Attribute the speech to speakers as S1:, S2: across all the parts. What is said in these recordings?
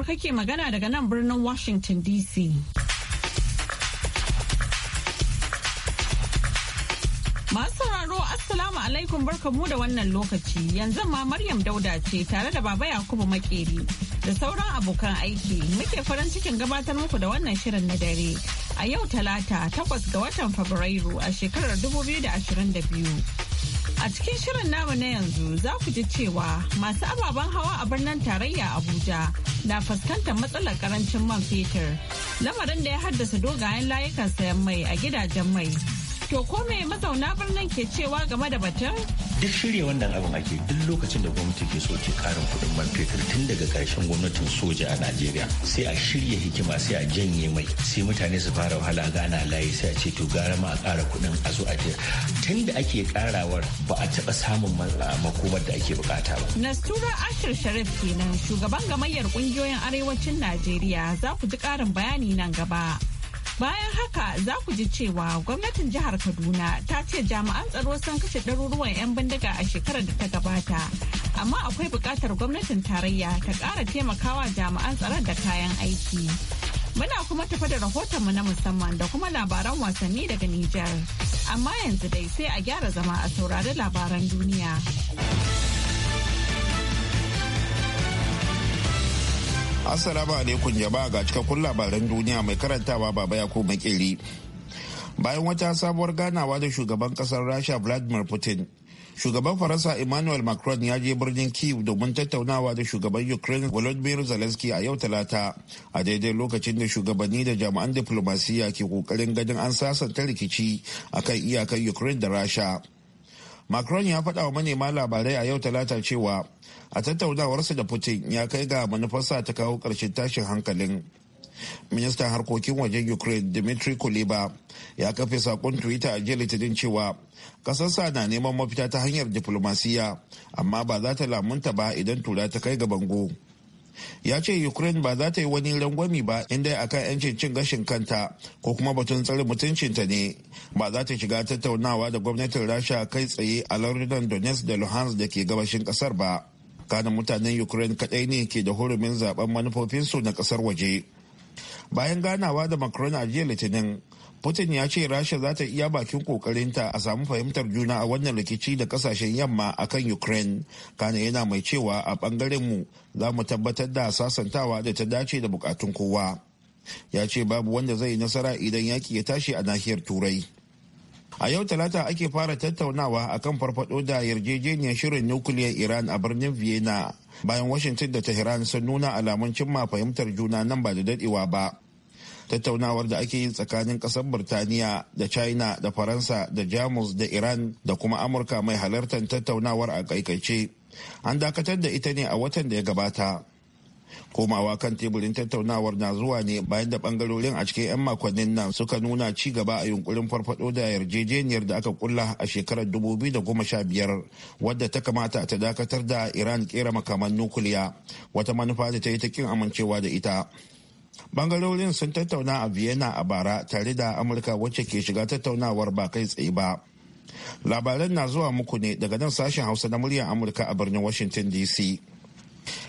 S1: Amurka kake magana daga nan birnin Washington DC. Masu sauraro Assalamu alaikum barkamu da wannan lokaci yanzu ma Maryam Dauda ce tare da Baba Yakubu Makeri da sauran abokan aiki muke farin cikin gabatar muku da wannan shirin na dare a yau talata takwas ga watan Fabrairu a shekarar 2022. A cikin shirin namu na yanzu za ku ji cewa masu ababen hawa a birnin tarayya Abuja na fuskantar matsalar karancin man fetur. Lamarin da ya haddasa dogayen layukan sayan mai a gidajen mai To ko me mazauna birnin ke cewa game da batun?
S2: Duk shirya wannan abin ake duk lokacin da gwamnati ke so ke karin kuɗin man fetur tun daga ƙarshen gwamnatin soja a Najeriya sai a shirya hikima sai a janye mai sai mutane su fara wahala gana layi sai a ce to gara ma a ƙara kuɗin a zo a je tun da ake ƙarawar ba a taɓa samun makomar da ake bukata ba.
S1: Nastura Ashir Sharif kenan shugaban gamayyar ƙungiyoyin arewacin Najeriya za ku ji ƙarin bayani nan gaba. Bayan haka za ku ji cewa gwamnatin jihar Kaduna ta ce jami'an tsaro sun kashe ɗaruruwan 'yan bindiga a shekarar da ta gabata. Amma akwai buƙatar gwamnatin tarayya ta ƙara taimakawa jami'an tsaron da kayan aiki. Muna kuma tafi da rahotonmu na musamman da kuma labaran wasanni daga Nijar. Amma yanzu dai sai a gyara zama a saurari labaran duniya.
S3: Assalamu alaikum jama'a ga cikakkun labaran duniya mai karantawa baba Yakubu kiri Bayan wata sabuwar ganawa da shugaban kasar Rasha Vladimir Putin, shugaban Faransa Emmanuel Macron ya je birnin Kyiv domin tattaunawa da shugaban Ukraine Volodymyr Zelensky a yau Talata, a daidai lokacin da shugabanni da jami'an diplomasiya ke kokarin ganin an sasanta rikici akan iyakar Ukraine da Rasha. macron ya faɗa wa manema labarai a yau talata cewa a tattaunawarsa da putin ya kai ga manufarsa ta kawo ƙarshen tashin hankalin ministan harkokin wajen ukraine dmitry kuleba ya kafe saƙon twitter a jiya litinin cewa kasarsa na neman mafita ta hanyar diflomasiya amma ba za ta lamunta ba idan tura ta kai ga bango ya ce ukraine ba za ta yi wani rangwami ba inda akan yancin cin gashin kanta ko kuma batun tsare mutuncinta ne ba za ta shiga tattaunawa da gwamnatin rasha kai tsaye a lardunan donetsk da luhansk da ke gabashin kasar ba kanan mutanen ukraine kadai ne ke da hurumin zaben manufofinsu na kasar waje bayan ganawa da macron a jiya litinin Putin ya ce Rasha za ta iya bakin kokarinta a samu fahimtar juna a wannan rikici da kasashen yamma a kan Ukraine. Kana yana mai cewa a ɓangarenmu za mu tabbatar da sasantawa da ta dace da bukatun kowa. Ya ce babu wanda zai nasara idan yaki ya tashi a nahiyar Turai. A yau talata ake fara tattaunawa akan farfado da yarjejeniyar shirin nukiliyar Iran a birnin Vienna bayan Washington da Tehran sun nuna alamun cimma fahimtar juna nan ba da dadewa ba. tattaunawar da ake yi tsakanin kasar birtaniya da china da faransa da jamus da iran da kuma amurka mai halartar tattaunawar a kaikaice an dakatar da ita ne a watan da ya gabata komawa kan teburin tattaunawar na zuwa ne bayan da bangarorin a cikin 'yan makonnin nan suka nuna ci gaba a yunkurin farfado da yarjejeniyar da aka kulla a shekarar 2015 wadda ta kamata ta dakatar da iran kera makaman nukuliya wata manufa da ta yi ta kin amincewa da ita bangarorin sun tattauna a vienna a bara tare da amurka wacce ke shiga tattaunawar ba kai tsaye ba labaran na zuwa muku ne daga nan sashen hausa na muryar amurka a birnin washington dc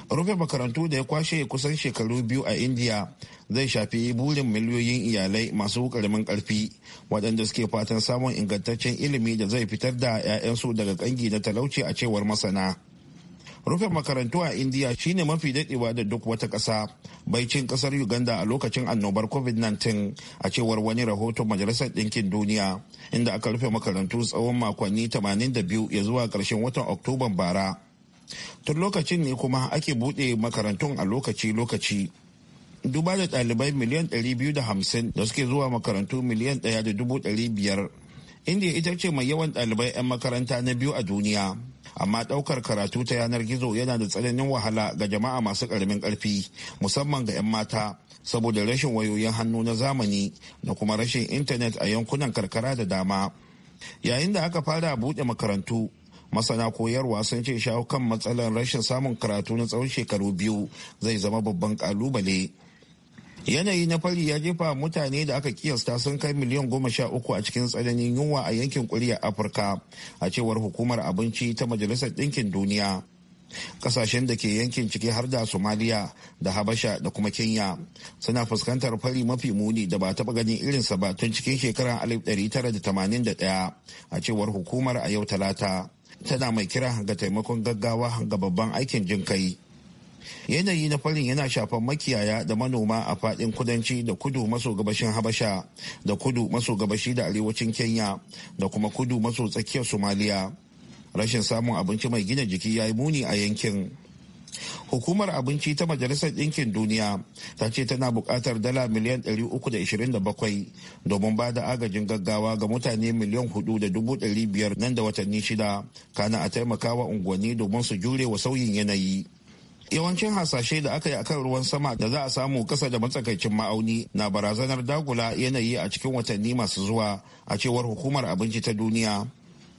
S3: rufe makarantu da ya kwashe kusan shekaru biyu a india zai shafi burin miliyoyin iyalai masu karamin karfi waɗanda suke fatan samun ingantaccen ilimi da zai fitar da 'ya'yansu daga kangi na talauci a cewar masana rufe makarantu a indiya shine mafi daɗewa da duk wata ƙasa baicin ƙasar uganda a lokacin annobar covid-19 a cewar wani rahoton majalisar ɗinkin duniya inda aka rufe makarantu tsawon makonni 82 ya zuwa karshen watan oktoban bara tun lokacin ne kuma ake buɗe makarantun a lokaci-lokaci duba da ɗalibai miliyan 250 da suke zuwa makarantu miliyan biyar indiya ita ce mai yawan ɗalibai 'yan makaranta na biyu a duniya amma ɗaukar karatu ta yanar gizo yana da tsananin wahala ga jama'a masu ƙaramin ƙarfi musamman ga 'yan mata saboda rashin wayoyin hannu na zamani da kuma rashin intanet a yankunan karkara da dama yayin da aka fara buɗe makarantu masana koyarwa sun ce shawo kan matsalar rashin samun karatu na tsawon shekaru biyu zai zama babban kalubale. yanayi na fari ya jefa mutane da aka kiyasta sun kai miliyan goma sha uku a cikin tsananin yunwa a yankin kuriya afirka a cewar hukumar abinci ta majalisar ɗinkin duniya kasashen da ke yankin ciki har da somaliya da habasha da kuma kenya suna fuskantar fari mafi muni da ba taɓa ganin irinsa ba tun cikin shekarar alif tara da 1981 a cewar hukumar a yau talata tana mai kira ga taimakon gaggawa ga babban aikin jinkai. kai yanayi na farin yana shafan makiyaya da manoma a fadin kudanci da kudu maso gabashin habasha da kudu maso gabashi da arewacin kenya da kuma kudu maso tsakiyar somaliya rashin samun abinci mai gina jiki ya yi muni a yankin hukumar abinci ta majalisar ɗinkin duniya ta ce tana buƙatar dala miliyan 327 domin ba da agajin gaggawa ga mutane miliyan 4.500 nan da watanni shida kana a taimakawa unguwanni domin su jure wa sauyin yanayi yawancin hasashe da aka yi akan ruwan sama da za a samu kasa da matsakaicin ma'auni na barazanar dagula yanayi a cikin watanni masu zuwa a cewar hukumar abinci ta duniya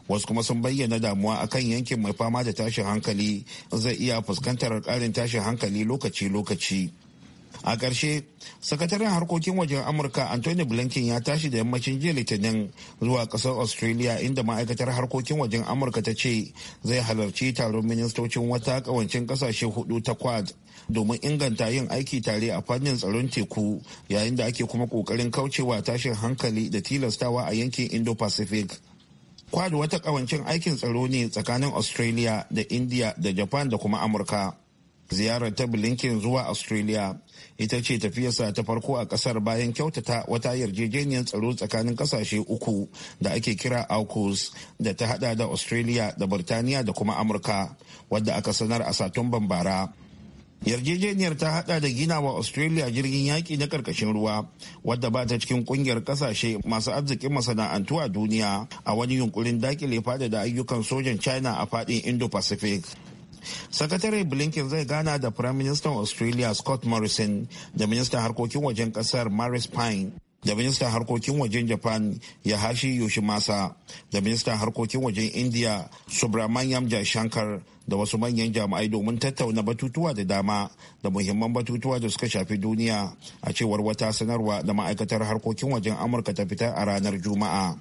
S3: wasu kuma sun bayyana damuwa akan yankin mai fama da tashin hankali zai iya fuskantar karin tashin hankali lokaci-lokaci a ƙarshe sakataren harkokin wajen amurka antony blinken ya tashi da yammacin jiya litinin zuwa ƙasar australia inda ma'aikatar harkokin wajen amurka ta ce zai halarci taron ministocin wata ƙawancin ƙasashe hudu ta quad domin inganta yin aiki tare a fannin tsaron teku yayin da ake kuma ƙoƙarin kaucewa tashin hankali da tilastawa a yankin indo-pacific kwad wata ƙawancin aikin tsaro ne tsakanin australia da india da japan da kuma amurka ziyarar ta blinken zuwa australia ita ce tafiyarsa ta farko a kasar bayan kyautata wata yarjejeniyar tsaro tsakanin kasashe uku da ake kira aukus da ta hada da australia da birtaniya da kuma amurka wadda aka sanar a satumban bara yarjejeniyar ta hada da gina wa australia jirgin yaki na karkashin ruwa wadda ba ta cikin kungiyar kasashe masu arzikin masana'antu a duniya a wani yunkurin dakile fada da ayyukan sojan china a fadin indo-pacific sakatare blinken zai gana da prime minister australia scott morrison da ministan harkokin wajen kasar maris pine da ministan harkokin wajen japan yahashi yoshimasa da ministan harkokin wajen india subramanyam Shankar, da wasu manyan jami'ai domin tattauna batutuwa da dama da muhimman batutuwa da suka shafi duniya a cewar wata sanarwa da ma'aikatar harkokin wajen amurka ta fitar a ranar juma'a.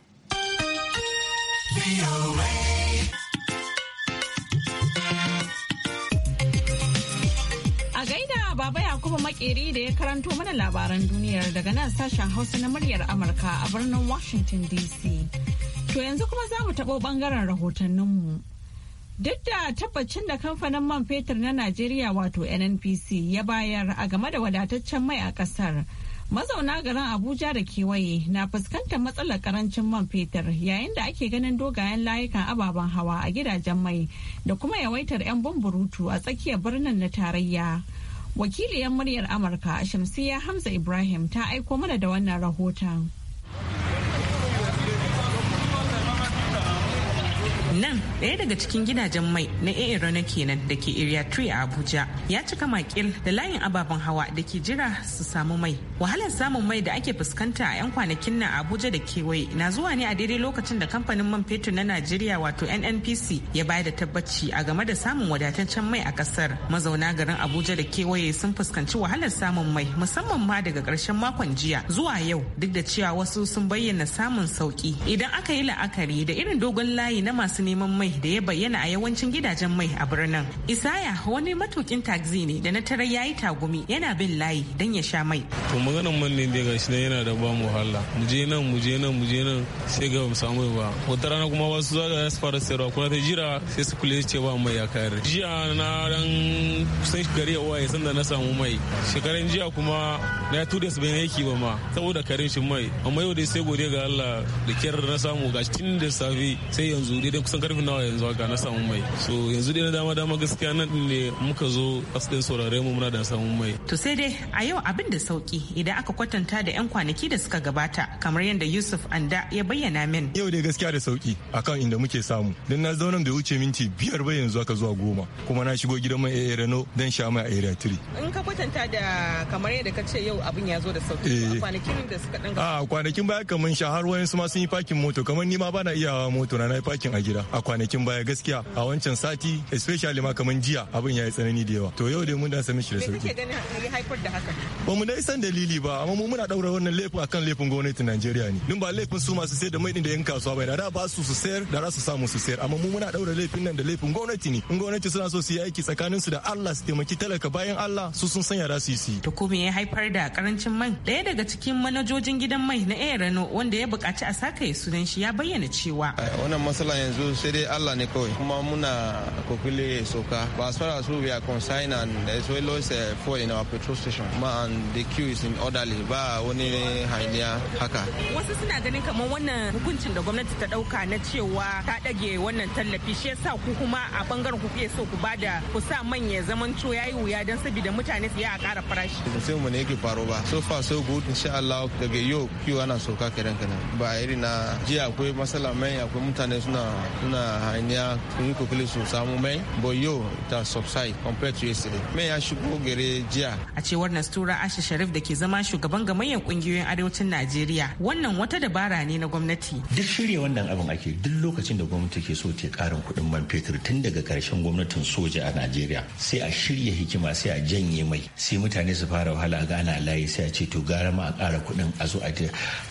S1: Makeri da ya karanto mana labaran duniyar daga nan sashen Hausa na muryar Amurka a birnin Washington DC. To yanzu kuma za mu taɓo ɓangaren rahotanninmu. Duk da tabbacin da kamfanin man fetur na Najeriya wato NNPC ya bayar a game da wadataccen mai a ƙasar. mazauna garin abuja da kewaye na fuskantar matsalar karancin man fetur yayin da ake ganin dogayen layukan ababen hawa a gidajen mai da kuma yawaitar 'yan bumburutu a tsakiyar birnin na tarayya wakiliyar muryar amurka shamsiyya hamza ibrahim ta aiko mana da wannan rahoton
S4: nan ɗaya daga cikin gidajen mai na na kenan da ke area a abuja ya cika makil da layin ababen hawa da ke jira su samu mai wahalar samun mai da ake fuskanta a 'yan kwanakin nan abuja da kewaye na zuwa ne a daidai lokacin da kamfanin man fetur na najeriya wato nnpc ya bayar da tabbaci a game da samun wadataccen mai a kasar mazauna garin abuja da kewaye sun fuskanci wahalar samun mai musamman ma daga ƙarshen makon jiya zuwa yau duk da cewa wasu sun bayyana samun sauki idan aka yi la'akari da irin dogon layi na masu masu neman mai da ya bayyana a yawancin gidajen mai a birnin. Isaya wani matukin taxi ne da na tarar yayi tagumi yana bin layi don ya sha mai.
S5: To maganan man ne dai gashi yana da ba mu hala. Mu je nan mu je nan mu je nan sai ga mu samu ba. Wata rana kuma ba wasu za su fara sayarwa kuma ta jira sai su kule ce ba mai ya kare. Jiya na dan kusan gari ya waye da na samu mai. Shekaran jiya kuma na ya tude su bai yake ba ma saboda karin shi mai. Amma yau dai sai godiya ga Allah da kyar na samu gashi tun da safe sai yanzu dai kusan karfin nawa yanzu haka na samu mai so yanzu dai na dama dama gaskiya nan ne muka zo asalin saurare mu muna da samun mai
S4: to sai dai a yau abin da sauki idan aka kwatanta da yan kwanaki da suka gabata kamar yadda Yusuf Anda ya bayyana min
S5: yau dai gaskiya da sauki akan inda muke samu dan na zauna da wuce minti biyar ba yanzu aka zuwa goma kuma na shigo gidan mai AA Reno dan sha mai Area 3
S4: in ka kwatanta da kamar yadda ka ce yau abin ya zo da sauki eh. kwanakin da
S5: suka dan a ah, kwanakin baya kamar sha har wayansu ma sun yi parking moto kamar ni ma bana iya moto na na yi parking a gida a kwanakin baya gaskiya a wancan sati especially ma kamar jiya abin ya yi tsanani da yawa to yau dai mun da sami shi da sauki ba mu dai san dalili ba amma mu muna daura wannan laifin akan laifin gwamnatin Najeriya ne dun ba laifin su masu sayar da mai din da yan kasuwa bai da ba su su sayar da za su samu su sayar amma mu muna daura laifin nan da laifin gwamnati ne in gwamnati suna so su yi aiki tsakanin su da Allah su taimaki talaka bayan Allah su sun sanya su yi to
S4: ko me ya haifar da karancin mai daya daga cikin manajojin gidan mai na Air wanda ya buƙaci a saka ya sunan shi ya bayyana cewa
S6: wannan matsala yanzu yanzu sai dai Allah ne kawai kuma muna kokule soka but as far as we are concerned and well as a fall in our petrol station ma and the queue is in orderly ba wani hainiya haka
S4: wasu suna ganin kamar wannan hukuncin da gwamnati ta dauka na cewa ta dage wannan tallafi shi yasa ku kuma a bangaren ku kuke so ku bada ku sa manya zaman to yayi wuya dan saboda mutane su ya kara farashi
S6: sai mu ne yake faro ba so far so good insha Allah daga yau queue ana soka kiran kana ba irin na jiya akwai masala mai akwai mutane suna suna hanya su kile su samu mai boyo ta subside compared to yesterday mai ya shigo gare jiya
S4: a cewar nastura asha sharif da ke zama shugaban gamayyar kungiyoyin arewacin najeriya wannan wata dabara ne na gwamnati duk shirya wannan abin ake duk lokacin da gwamnati
S2: ke so ta karin kudin man fetur tun daga karshen gwamnatin soja a najeriya sai a shirya hikima sai a janye mai sai mutane su fara wahala a gana layi sai a ce to gara ma a kara kudin a zo a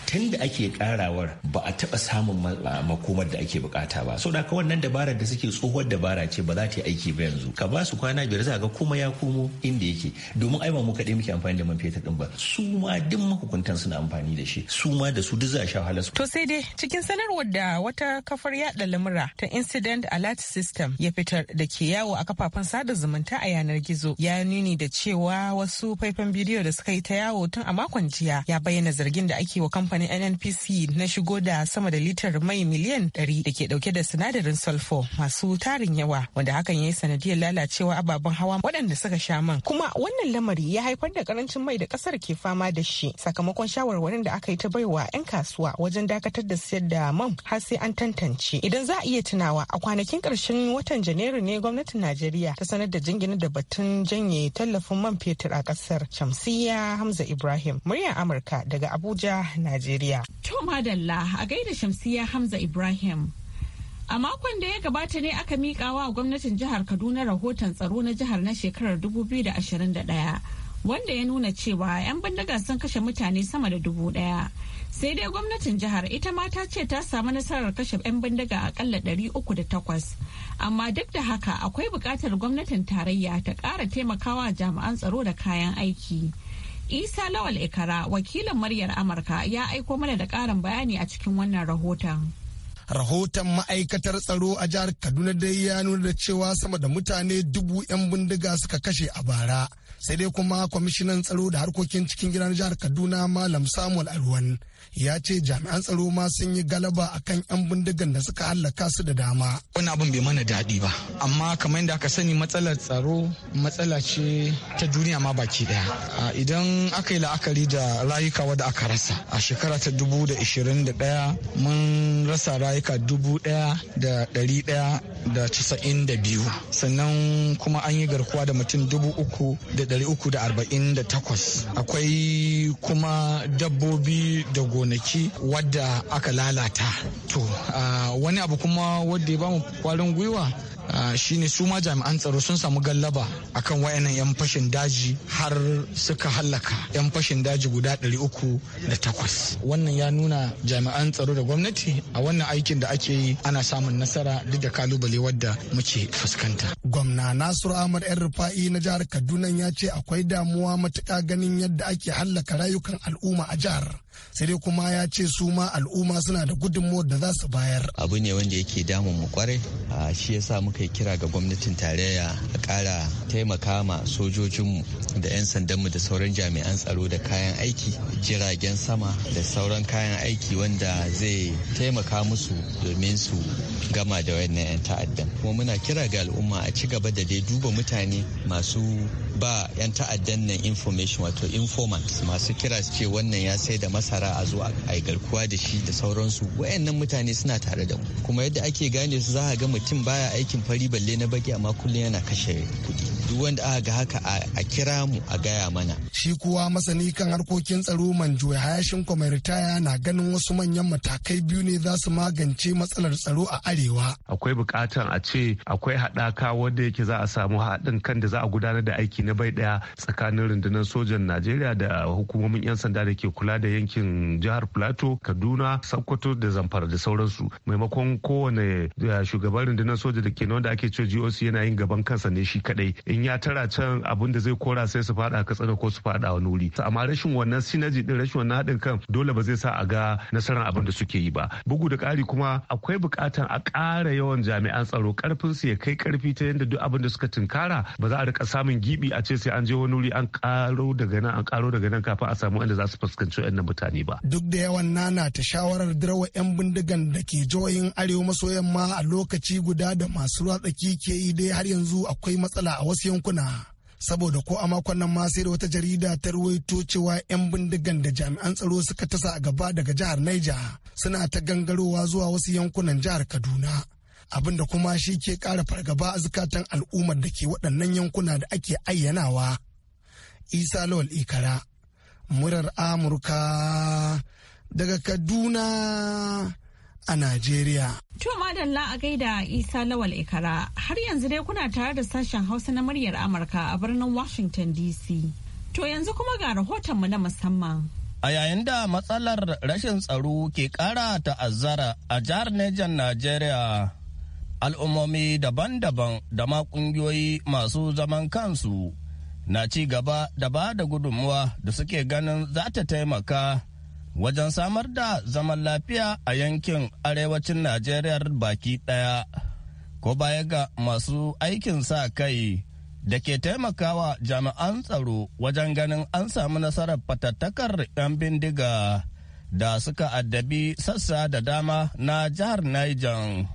S2: tun da ake karawar ba a taba samun makomar da ake bukata ba so da ka wannan dabarar da suke tsohuwar dabara ce ba za ta yi aiki ba yanzu ka ba su kwana biyar za ga kuma ya komo inda yake domin ai ba mu kaɗai muke amfani da man fetur din ba su ma duk mahukuntan suna amfani da shi su ma da su duk za a sha wahala
S4: to sai dai cikin sanarwar da wata kafar yaɗa lamura ta incident alert system ya fitar da ke yawo a kafafen sada zumunta a yanar gizo ya nuni da cewa wasu faifan bidiyo da suka yi ta yawo tun a makon jiya ya bayyana zargin da ake wa kamfanin nnpc na shigo da sama da litar mai miliyan 100 da ke dauke da da sinadarin sulfur masu tarin yawa wanda hakan ya yi sanadiyar lalacewa ababen hawa waɗanda suka sha man kuma wannan lamari ya haifar da karancin mai da ƙasar ke fama da shi sakamakon shawarwarin da aka yi ta baiwa 'yan kasuwa wajen dakatar da siyar da man har sai an tantance idan za a iya tunawa a kwanakin ƙarshen watan janairu ne gwamnatin najeriya ta sanar da jingina da batun janye tallafin man fetur a ƙasar shamsiya hamza ibrahim muryar amurka daga abuja najeriya
S1: to madalla a gaida shamsiya hamza ibrahim A makon da ya gabata ne aka miƙa wa gwamnatin jihar Kaduna rahoton tsaro na jihar na shekarar 2021 wanda ya nuna cewa 'yan bindiga sun kashe mutane sama da dubu ɗaya. Sai dai gwamnatin jihar ita ma ta ce ta samu nasarar kashe 'yan bindiga akalla takwas Amma duk da haka akwai buƙatar gwamnatin tarayya ta ƙara taimakawa jami'an tsaro da kayan aiki. Isa Lawal Ikara wakilin Maryar Amurka ya aiko mana da ƙarin bayani a cikin wannan rahoton.
S7: rahoton ma'aikatar tsaro a jihar kaduna dai ya nuna da cewa sama da mutane dubu 'yan bindiga suka kashe a bara sai dai kuma kwamishinan tsaro da harkokin cikin gidan jihar kaduna malam samuel alwan ya ce jami'an tsaro ma sun yi galaba akan 'yan bindigan da suka hallaka su da
S8: dama wani abin bai mana daɗi ba amma kamar yadda aka sani matsalar tsaro matsala ce ta duniya ma baki daya idan aka yi la'akari da rayuka wadda aka rasa a shekara ta dubu da da ɗaya mun rasa layuka dubu ɗaya da ɗari ɗaya da casa'in da biyu sannan kuma an yi garkuwa da mutum dubu uku da ɗari uku da arba'in da takwas akwai kuma dabbobi da gonaki wadda aka lalata to wani abu kuma wadda ya bamu kwarin gwiwa Ah, shine su ma jami'an tsaro sun samu gallaba akan wayannan 'yan fashin daji har suka hallaka 'yan fashin daji guda 308 wannan ya nuna jami'an tsaro da gwamnati a wannan aikin da ake yi ana samun nasara duk da kalubale wadda muke fuskanta
S7: gwamna nasiru ahmad yan rufa'i na jihar kaduna ya ce akwai damuwa matuƙa ganin yadda ake hallaka rayukan al'umma a jihar sai dai kuma ya ce su ma al'umma suna da gudunmawar da za su
S9: bayar abu ne wanda yake damun mu kwarai a shi yasa muka yi kira ga gwamnatin tarayya a kara taimaka ma sojojinmu da 'yan sandanmu da sauran jami'an tsaro da kayan aiki jiragen sama da sauran kayan aiki wanda zai taimaka musu domin su gama da wannan 'yan ta'addan kuma muna kira ga al'umma a ci gaba da dai duba mutane masu ba 'yan ta'addan nan information wato informants masu kira su ce wannan ya sai da masara a zuwa a garkuwa da shi da sauransu wayannan mutane suna tare da mu kuma yadda ake gane su za a ga mutum baya aikin fari balle na baki amma kullum yana kashe kuɗi duk wanda aka ga haka a kira mu a gaya mana
S7: shi kuwa masani kan harkokin tsaro manjo hayashin kwamai ritaya na ganin wasu manyan matakai biyu ne za su magance matsalar tsaro a arewa
S2: akwai bukatan a ce akwai haɗaka wanda yake za a samu haɗin kan da za a gudanar da aiki na na bai daya tsakanin rundunar sojan najeriya da hukumomin 'yan sanda da ke kula da yankin jihar plateau kaduna sokoto da zamfara da sauransu maimakon kowane eh, shugaban rundunar soja da ke da ake cewa goc yana yin gaban kansa ne shi kadai in ya tara can abin da zai kora sai su fada katsana ko su fada wani wuri amma rashin wannan sinaji din rashin wannan haɗin kan dole ba zai sa a ga nasarar abin da suke yi ba bugu da ƙari kuma akwai buƙatar a ƙara yawan jami'an tsaro karfin su ya kai karfi ta yadda duk abin da suka tunkara ba za a rika samun gibi a ce sai an je wani wuri an karo daga nan an karo daga nan kafin a samu wanda za su fuskanci waɗannan mutane ba.
S7: Duk da yawan nana ta shawarar dirawa 'yan bindigan da ke jihohin arewa maso yamma a lokaci guda da masu ruwa tsaki ke yi dai har yanzu akwai matsala a wasu yankuna. saboda ko a makon nan ma sai da wata jarida ta ruwaito cewa 'yan bindigan da jami'an tsaro suka tasa a gaba daga jihar Niger suna ta gangarowa zuwa wasu yankunan jihar Kaduna. abin da kuma shi ke ƙara fargaba a zukatan al'ummar da ke waɗannan yankuna da ake ayyanawa. Isa Lawal Ikara, murar Amurka
S1: daga Kaduna
S7: a Najeriya.
S1: To madalla a gaida Isa Lawal Ikara har yanzu dai kuna tare da sashen Hausa na muryar Amurka a birnin Washington DC. To yanzu kuma ga rahotonmu na musamman.
S10: A yayin da matsalar rashin tsaro ke ƙara ta'azzara a jihar Nejan Najeriya. al'ummomi daban-daban da ma ƙungiyoyi masu zaman kansu na ci gaba da ba da gudunmuwa da suke ganin za ta taimaka wajen samar da zaman lafiya a yankin arewacin najeriya baki ɗaya ko baya ga masu aikin sa kai da ke taimakawa jami'an tsaro wajen ganin an samu nasarar fatattakar 'yan bindiga da suka addabi sassa da dama na jihar Niger.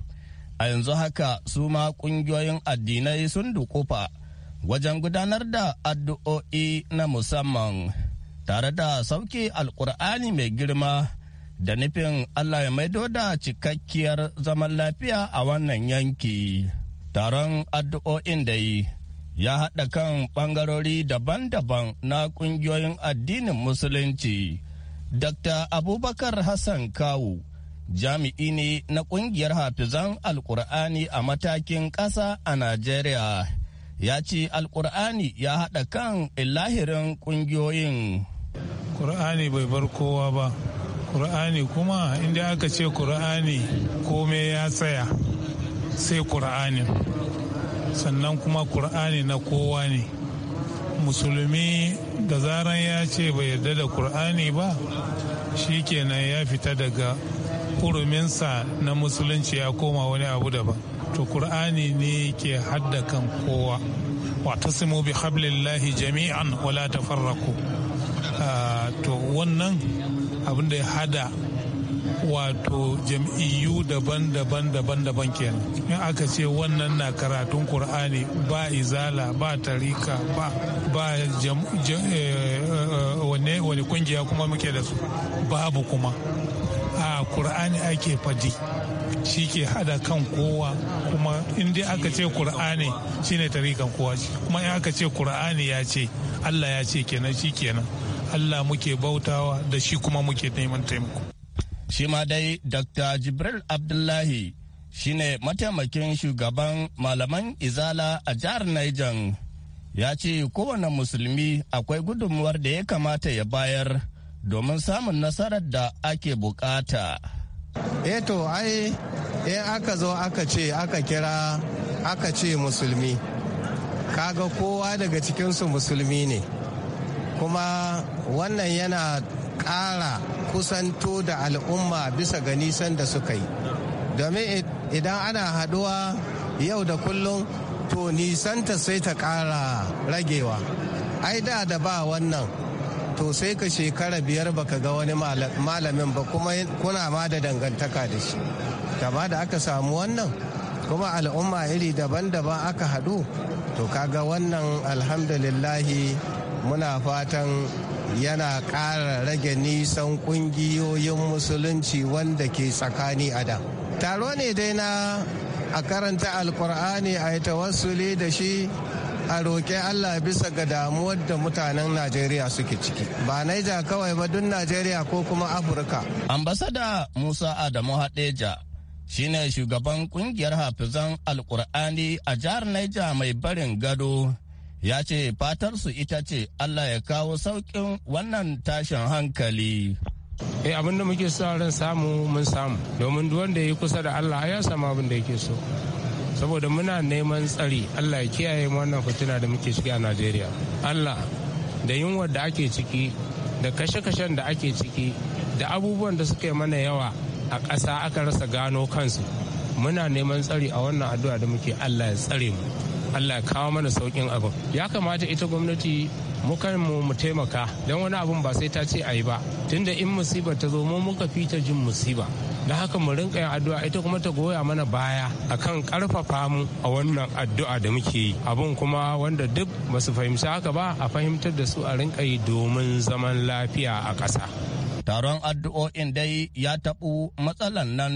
S10: a yanzu haka su ma kungiyoyin addinai sun dukufa wajen gudanar da addu'o'i na musamman tare da sauke alkur'ani mai girma da nufin allah ya maido da cikakkiyar zaman lafiya a wannan yanki taron addu'o'in da yi ya haɗa kan ɓangarori daban-daban na ƙungiyoyin addinin musulunci dr abubakar hassan kawu jami'i ne na kungiyar hafizan alkur'ani a matakin ƙasa a Najeriya. Ya ce alkur'ani ya haɗa
S11: kan lahirin ƙungiyoyin. Kur'ani bai bar kowa ba. Kur'ani kuma inda aka ce Kur'ani kome ya tsaya sai Kur'ani. Sannan kuma Kur'ani na kowa ne. Musulmi da zaran ya ce bai yarda da Kur'ani ba, shi kenan ya fita daga huruminsa na musulunci ya koma wani abu daban to qur'ani ne ke hadda kan kowa watasimu bi hablillahi jami'an wala tafarraku ah, to wannan abin da ya hada wato jam'iyyu daban-daban daban-daban kenan in aka ce wannan na karatun kur'ani ba izala ba tarika ba ba eh, eh, eh, wane kungiya kuma muke da su babu kuma Kur'ani ake fadi shi ke hada kan kowa kuma in dai aka ce ƙur'ani shine tarikan kowa kuma in aka ce ƙur'ani ya ce allah ya ce kenan shi kenan allah muke bautawa da shi kuma muke neman taimako shi ma dai dr jibril abdullahi shine
S10: mataimakin shugaban malaman izala a jihar niger ya ce kowane musulmi akwai gudunmuwar da ya kamata ya bayar domin samun nasarar da ake bukata.
S6: eto eh ai in aka zo aka ce aka kira aka ce musulmi kaga kowa daga cikinsu musulmi ne kuma wannan yana ƙara kusanto da al'umma bisa ga nisan da suka yi domin idan ana haɗuwa yau da kullum to nisanta sai ta ƙara ragewa ai da da ba wannan to sai ka shekara biyar baka ga wani malamin ba kuma kuna ma da dangantaka da shi gaba da aka samu wannan kuma al'umma iri daban-daban aka haɗu to kaga wannan alhamdulillahi muna fatan yana ƙara rage nisan ƙungiyoyin musulunci wanda ke tsakani a da taro ne dai na a karanta alkur'ani a yi tawassuli da shi a roƙi Allah bisa ga damuwar da mutanen Najeriya suke ciki. Ba Naija kawai ba duk Najeriya ko kuma Afirka.
S10: Ambasada Musa Adamu Hadeja shi ne shugaban kungiyar hafizan alkur'ani a jihar Naija mai barin gado ya ce fatarsu
S11: ita ce Allah ya kawo sauƙin wannan tashin hankali. eh abin da muke sa ran samu mun samu domin duk wanda ya kusa da Allah ya samu abin da yake so saboda muna neman tsari allah ya kiyaye wannan fitina da muke ciki a najeriya allah da yunwa da ake ciki da kashe-kashen da ake ciki da abubuwan da suka yi mana yawa a ƙasa aka rasa gano kansu muna neman tsari a wannan addu'a da muke allah ya tsare mu allah kawo mana saukin abin ya kamata ita gwamnati mu mu mu taimaka don wani abin ba sai ta ce a yi ba tunda in musiba ta zo mu muka fita jin musiba da haka mu rinka yin addu'a ita kuma ta goya mana baya akan karfafa mu a wannan addu'a da muke yi abun kuma wanda duk basu fahimci haka ba a fahimtar da su a rinka yi domin zaman lafiya a ƙasa. taron
S10: addu'o'in dai ya taɓu matsalan nan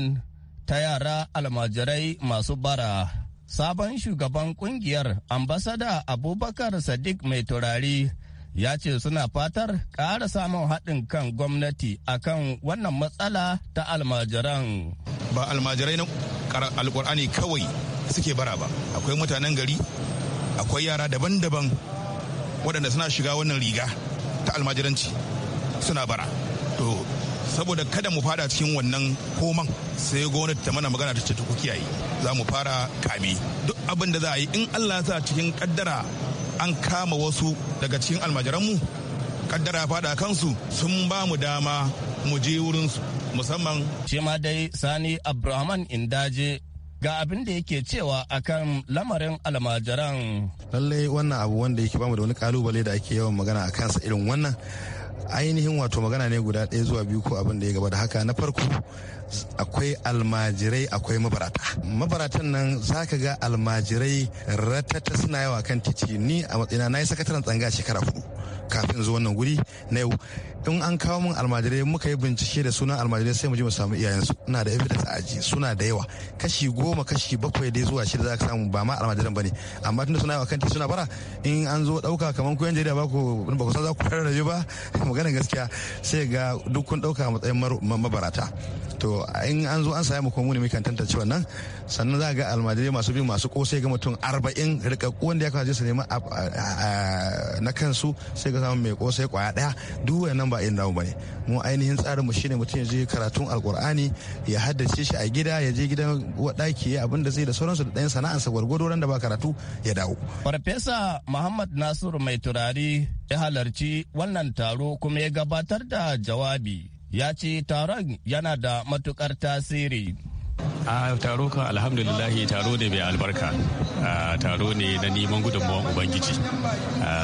S10: ta yara almajirai masu bara Sabon shugaban kungiyar ambasada Abubakar Sadiq mai turari ya ce suna fatar ƙara samun haɗin kan gwamnati akan wannan matsala ta almajiran. Ba almajirai na alƙur'ani kawai
S9: suke bara ba, akwai mutanen gari, akwai yara daban-daban waɗanda suna shiga wannan riga ta almajiranci suna bara. To saboda kada mu fada cikin wannan koman sai gwamnati ta mana magana ta ce ta kiyaye za mu fara kame duk abin da za a yi in Allah ya sa cikin kaddara an kama wasu
S10: daga cikin mu kaddara fada kansu sun ba mu dama mu je wurinsu musamman shi ma dai sani abdulrahman indaje ga abin da yake cewa akan lamarin almajiran
S9: lallai wannan abu wanda yake bamu da wani kalubale da ake yawan magana a kansa irin wannan ainihin wato magana ne guda ɗaya zuwa biyu ko abin da ya gaba da haka na farko akwai almajirai akwai mabarata mabaratan nan za ka ga almajirai ratata suna yawa kan titi ni a matsayina na yi sakataren tsanga shekara hudu kafin zuwa wannan guri na yau in an kawo min almajirai muka yi bincike da sunan almajirai sai mu je mu samu iyayensu suna da evidence a aji suna da yawa kashi goma kashi bakwai dai zuwa shida za ka samu ba ma almajiran ne amma tunda suna yawa kan suna bara in an zo dauka kamar ku yan jarida ba ku ba ku san za ku fara rayu ba maganar gaskiya sai ga duk kun dauka a matsayin mabarata to in an zo an saya mu kuma mu ne kan tantance wannan sannan za ga almajirai masu bin masu kosai ga mutum arba'in rikakku wanda ya kawo su nema na kansu sai ka samu mai kosai kwaya daya duk wannan ba irin namu bane mu ainihin tsarin mu shine mutum ya je karatun alkur'ani ya haddace shi a gida ya je gidan wadaki ya abin da zai da sauransu da ɗayan sana'arsa gwargwado ran da ba karatu ya dawo
S10: farfesa muhammad nasiru mai turari ya halarci wannan taro kuma ya gabatar da jawabi ya ce taron yana da matukar tasiri
S5: a taro ka alhamdulillahi taro ne mai albarka taro ne na neman gudunmawar ubangiji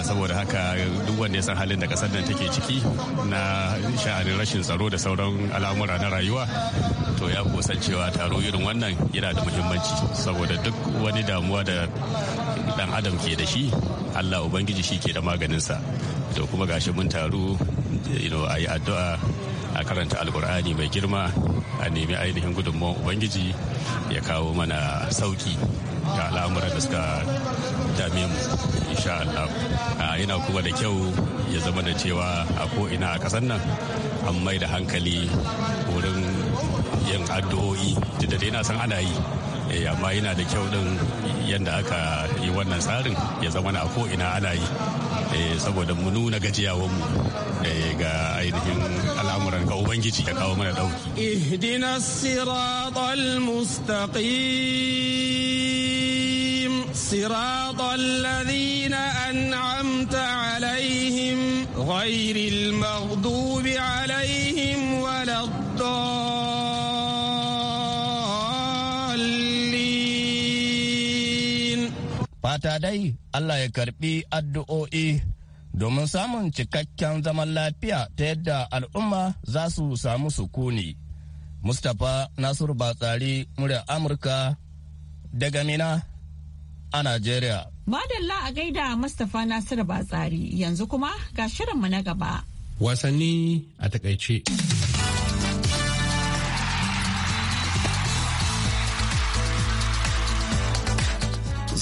S5: saboda haka duk wanda ya san halin da kasar nan take ciki na sha'anin rashin tsaro da sauran al'amura na rayuwa to ya kusan cewa taro irin wannan yana da muhimmanci saboda duk wani damuwa da dan adam ke da shi allah ubangiji shi ke da maganinsa to kuma gashi mun taru a yi addu'a a karanta alkur'ani mai girma a nemi ainihin gudunmuwan ubangiji ya kawo mana sauki ga al'amuran da suka dame mu insha Allah yana kuma da kyau ya zama da cewa a ko'ina a ƙasar nan an mai da hankali wurin yin addu'o'i da dai na san ana yi eh, amma yana da kyau din yadda aka yi wannan tsarin ya zama na a ko'ina ana yi eh, saboda mu nuna gajiyawanmu ga ainihin al'amuran ga ubangiji ya kawo mana dauki
S10: ihdina siratal mustaqim siratal ladina an'amta alaihim ghairil maghdubi alaihim waladdallin fata dai Allah ya karbi addu'o'i domin samun cikakken zaman lafiya ta yadda al'umma za su samu sukuni. Mustapha Nasiru Batsari murya Amurka daga Mina a Najeriya.
S1: Madalla a gaida Mustapha Nasiru Batsari yanzu kuma ga shirinmu na gaba.
S6: Wasanni a takaice.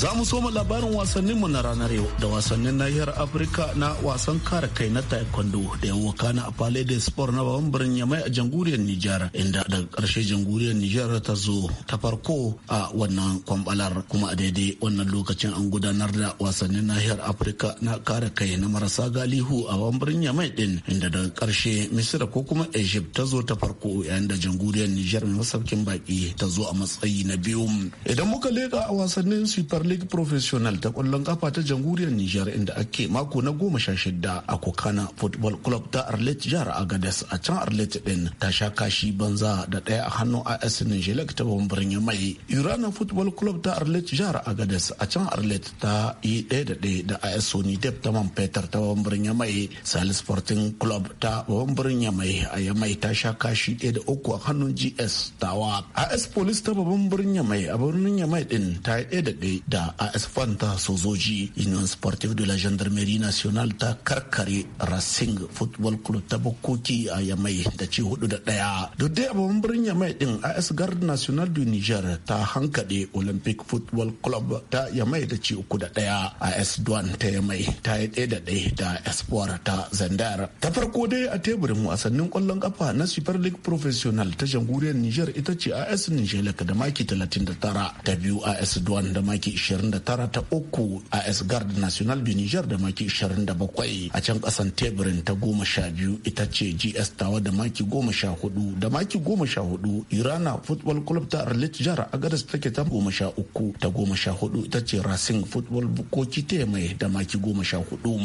S2: Za mu soma labarin wasanninmu na ranar yau da wasannin nahiyar Afirka na wasan kare kai na taekwondo da yan waka na Palais de Sport na babban birnin Yamai a jamhuriyar Nijar inda daga karshe jamhuriyar Nijar ta zo ta farko a wannan kwambalar kuma a daidai wannan lokacin an gudanar da wasannin nahiyar Afirka na kare kai na marasa galihu a babban birnin Yamai din inda daga karshe Misira ko kuma Egypt ta zo ta farko yayin da jamhuriyar Nijar mai masaukin baki ta zo a matsayi na biyu. Idan muka leka a wasannin Super League league professional ta kwallon kafa ta jamhuriyar nijar inda ake mako na goma sha shida a kokana football club ta arlet jihar agadas a can arlet din ta sha kashi banza da daya a hannun as nijelek ta bambarin mai urana football club ta arlet jihar agadas a can arlet ta yi daya da daya da as sony dep ta man petar ta bambarin mai sal sporting club ta bambarin mai a yamai ta sha kashi daya da uku a hannun gs tawa as police ta bambarin ya mai a birnin yamai din ta yi daya da daya da AS Fan ta sojoji Union Sportive de la Gendarmerie Nationale ta karkare Racing Football Club ta Bokoki a Yamai da ci hudu da daya. Duk dai abubuwan birnin Yamai din AS Guard National du Niger ta hankade Olympic Football Club ta Yamai da ci uku da daya. AS Duan ta Yamai ta yi ɗaya da ɗaya da Espoir ta Zandar. Ta farko dai a teburin wasannin kwallon kafa na Super League Professional ta jamhuriyar Niger ita ce AS Niger da maki 39 ta biyu AS Duan da maki 29 ta uku a Esgard National de Niger da maki 27 a can kasan teburin ta goma sha biyu ita ce GS Tawa da maki goma sha hudu da maki goma sha hudu Irana Football Club ta Arlit Jihar Agadas take ta goma sha uku ta goma sha hudu ita ce Racing Football Bukoki ta mai da maki goma sha hudu.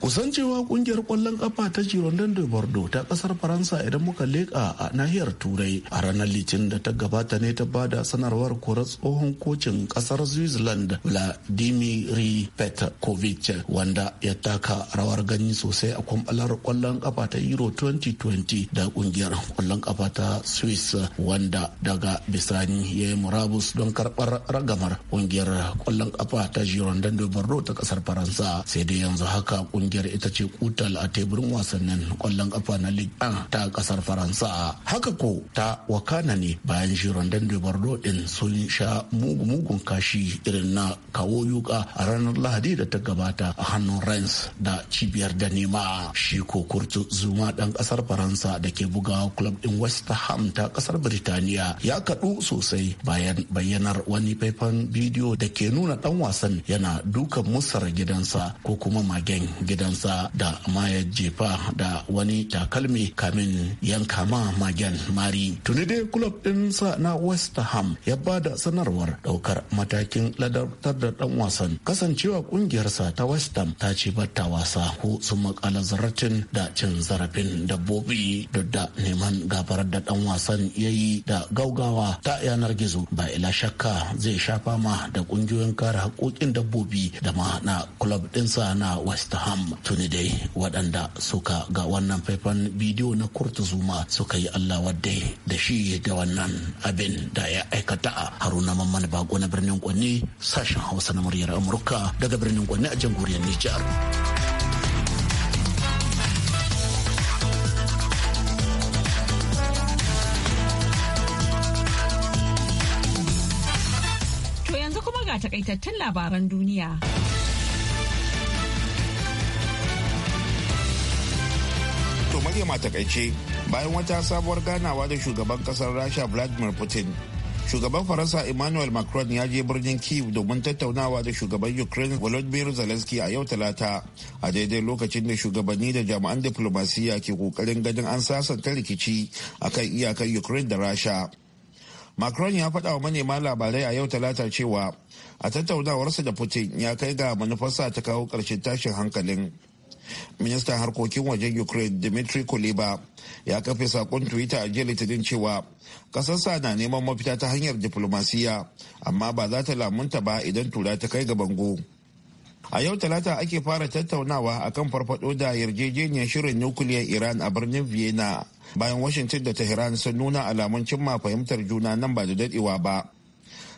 S2: Kusan cewa kungiyar kwallon kafa ta Girondin de Bordeaux ta kasar Faransa idan muka leƙa a nahiyar Turai a ranar Litinin da ta gabata ne ta bada sanarwar kurar tsohon kocin kasar Switzerland da Vladimir Petkovic wanda ya taka rawar gani sosai a kwamɓalar kwallon kafa ta Euro 2020 da kungiyar kwallon kafa ta Swiss wanda daga bisani ya yi murabus don karɓar ragamar kungiyar kwallon kafa ta Girondin de Bordeaux ta kasar Faransa sai dai yanzu haka kungiyar ita ce kutal a teburin wasannin kwallon kafa na Ligue ta kasar Faransa haka ko ta wakana ne bayan Girondin de Bordeaux din sun sha mugun kashi irin na kawo yuka a ranar lahadi da ta gabata a hannun rains da cibiyar da nema shi ko kurtu zuma dan kasar faransa da ke bugawa club din west ham ta kasar birtaniya ya kadu sosai bayan bayyanar wani faifan bidiyo da ke nuna dan wasan yana dukan musar gidansa ko kuma magen gidansa da maya jefa da wani takalmi kamin yanka ma magen mari tuni dai club din sa na west ham ya bada sanarwar daukar matakin ladar ladabtar da dan wasan kasancewa kungiyarsa ta west ham ta ce bata wasa ko sun makala zarratin da cin zarafin dabbobi duk da neman gafarar da dan wasan ya yi da gaugawa ta yanar gizo ba ila shakka zai sha fama da kungiyoyin kare haƙoƙin dabbobi da ma na club ɗinsa na west ham tuni dai waɗanda suka ga wannan faifan bidiyo na kurtu zuma suka yi allah wadai da shi da wannan abin da ya aikata haruna mamman bako na birnin kwanni. sashen Hausa na muryar Amurka daga birnin gwani a jamhuriyar Nijar.
S1: To yanzu kuma ga takaitattun labaran duniya.
S3: To Maryam ta takaice bayan wata sabuwar ganawa da shugaban kasar Rasha Vladimir Putin shugaban faransa emmanuel macron ya je birnin kiev domin tattaunawa da shugaban ukraine volodymyr zelensky a yau talata a daidai lokacin da shugabanni da jami'an diplomasiya ke kokarin ganin an sasanta rikici a kan iyakar ukraine da rasha macron ya faɗa wa manema labarai a yau talata cewa a tattaunawarsa da putin ya kai ga manufarsa ta kawo ƙarshen tashin hankalin ministan harkokin wajen ukraine dmitry kuleba ya kafe sakon twitter a jiya litinin cewa kasarsa na neman mafita ta hanyar diplomasiya amma ba za ta lamunta ba idan tura ta kai ga bango a yau talata ake fara tattaunawa akan farfado da yarjejeniyar shirin nukiliyar iran a birnin vienna bayan washington da tehran sun nuna alamun cimma fahimtar juna nan ba da dadewa ba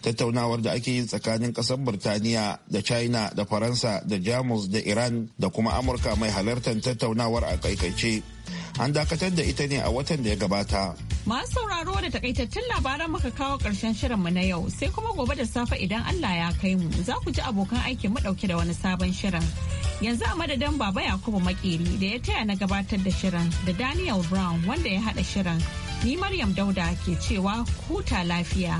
S3: tattaunawar da ake yi tsakanin kasar burtaniya da china da faransa da jamus da iran da kuma amurka mai halartar tattaunawar a kaikaice an dakatar da ita ne a watan da ya gabata
S1: masu sauraro da takaitattun labaran muka kawo karshen mu na yau sai kuma gobe da safe idan allah ya kai mu za ku ji abokan aikin mu dauke da wani sabon shirin yanzu a madadin baba yakubu makeri da ya taya na gabatar da shirin da daniel brown wanda ya hada shirin ni maryam dauda ke cewa huta lafiya